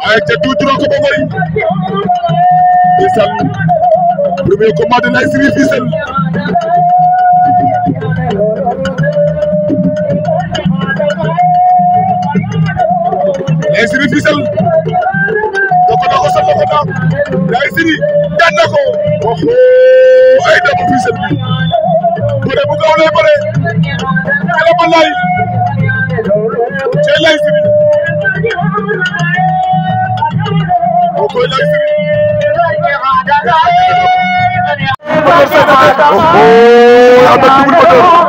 waaye ca tuuti ko ba bëri Fissel premier combat de la série Fissel la série Fissel doko na ko sa loxo la série daan na ko waxoo ay dama Fissel bi bëre bu gaaw lay bëre kala ma lay Oh, I'm a double